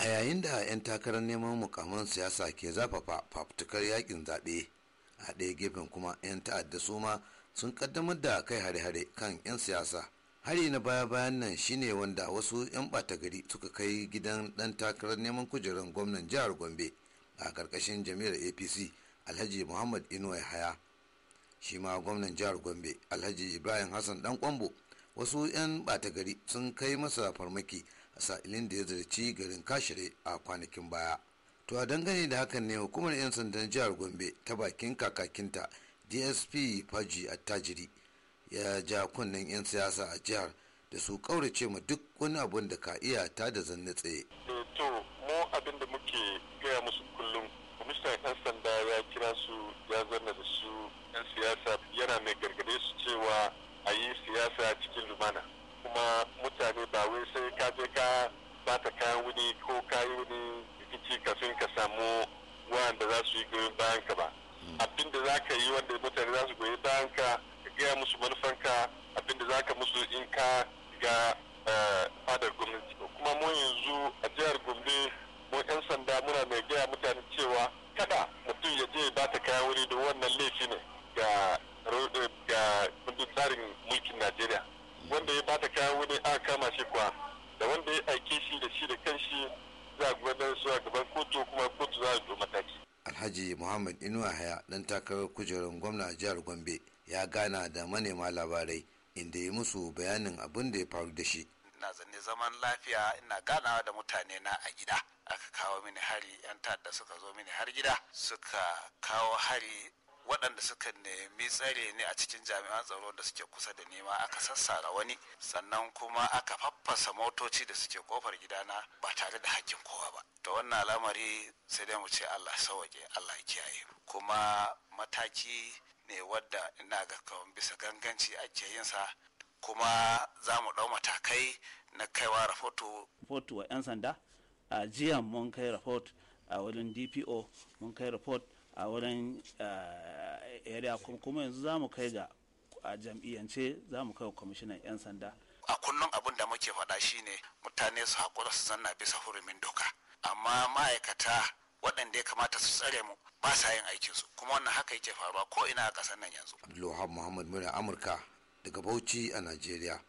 a yayin da 'yan takarar neman mukaman siyasa ke zafafa fafutukar yakin zaɓe a ɗaya gefen kuma 'yan ta'adda su ma sun kaddamar da kai hare-hare kan 'yan siyasa hari na baya-bayan nan shine wanda wasu 'yan ɓata gari suka kai gidan ɗan takarar neman kujerar gwamnan jihar gombe a ƙarƙashin jami'ar apc alhaji muhammad inuwa haya shi ma gwamnan jihar gombe alhaji ibrahim hassan ɗan kwambo wasu 'yan ɓata gari sun kai masa farmaki sa'ilin da ya zarci garin kashire a kwanakin baya to a dangane da hakan ne hukumar 'yan sandan jihar gombe ta bakin kakakinta dsp faji attajiri ya ja kunnen 'yan siyasa a jihar da su kaurace ma duk wani abun da ka iya ta da zanne tsaye. Eh, to mu abin da muke gaya musu kullum kwamishinan 'yan sanda ya kira su ya zanna da su 'yan siyasa yana mai gargade su cewa a yi siyasa cikin lumana kuma mutane ba wai sai ka je ka bata kayan wuni ko ka yi wuni rikici ka sun ka samu wanda za su yi goyon bayan ka ba hmm. abin da za ka yi wanda mutane za su goyi bayan ka ka gaya musu manufanka abin da za ka musu in ka ga eh, fadar gwamnati kuma mu yanzu a jihar gombe mu yan sanda muna mai gaya mutane cewa kada mutum ya je ba ta kayan wuri don wannan laifi ne ga kundin tsarin mulkin najeriya wanda ya bata kayan wani a kama shi kuwa da wanda ya aike shi da shi da shi za a gudanar su a gaban kotu kuma kotu za a mataki. Alhaji Muhammad inu Ahaya dan takarar kujerun gwamna jihar Gombe ya gana da manema labarai inda ya musu bayanin abin da ya faru da shi. Ina zanne zaman lafiya ina ganawa da mutane na a gida. Aka kawo mini hari 'yan ta'adda suka zo mini har gida suka kawo hari waɗanda suka nemi tsare ne a cikin jami'an tsaro da suke kusa da nema aka sassara wani sannan kuma aka faffasa motoci da suke kofar gidana ba tare da hakkin kowa ba to wannan al'amari sai dai mu ce allah sauwaƙe allah kiyaye kuma mataki ne wadda ina ga kawai bisa ganganci ake yin sa kuma za mu ɗau matakai na kaiwa rahoto. Rahoto wa 'yan sanda a jiya mun kai rahoto a wajen dpo mun kai rahoto a wurin eh, area kuma yanzu za mu kai ga a jam'iyyance za mu kai wa kwamishinan 'yan sanda a kullum abin da muke faɗa shine mutane su haƙura su zanna bisa hurumin doka amma ma'aikata waɗanda ya kamata su tsare mu ba sa yin aikinsu kuma wannan haka yake faruwa ko ina a ƙasar nan yanzu. Abdullahi Muhammad Muna Amurka daga Bauchi a Najeriya.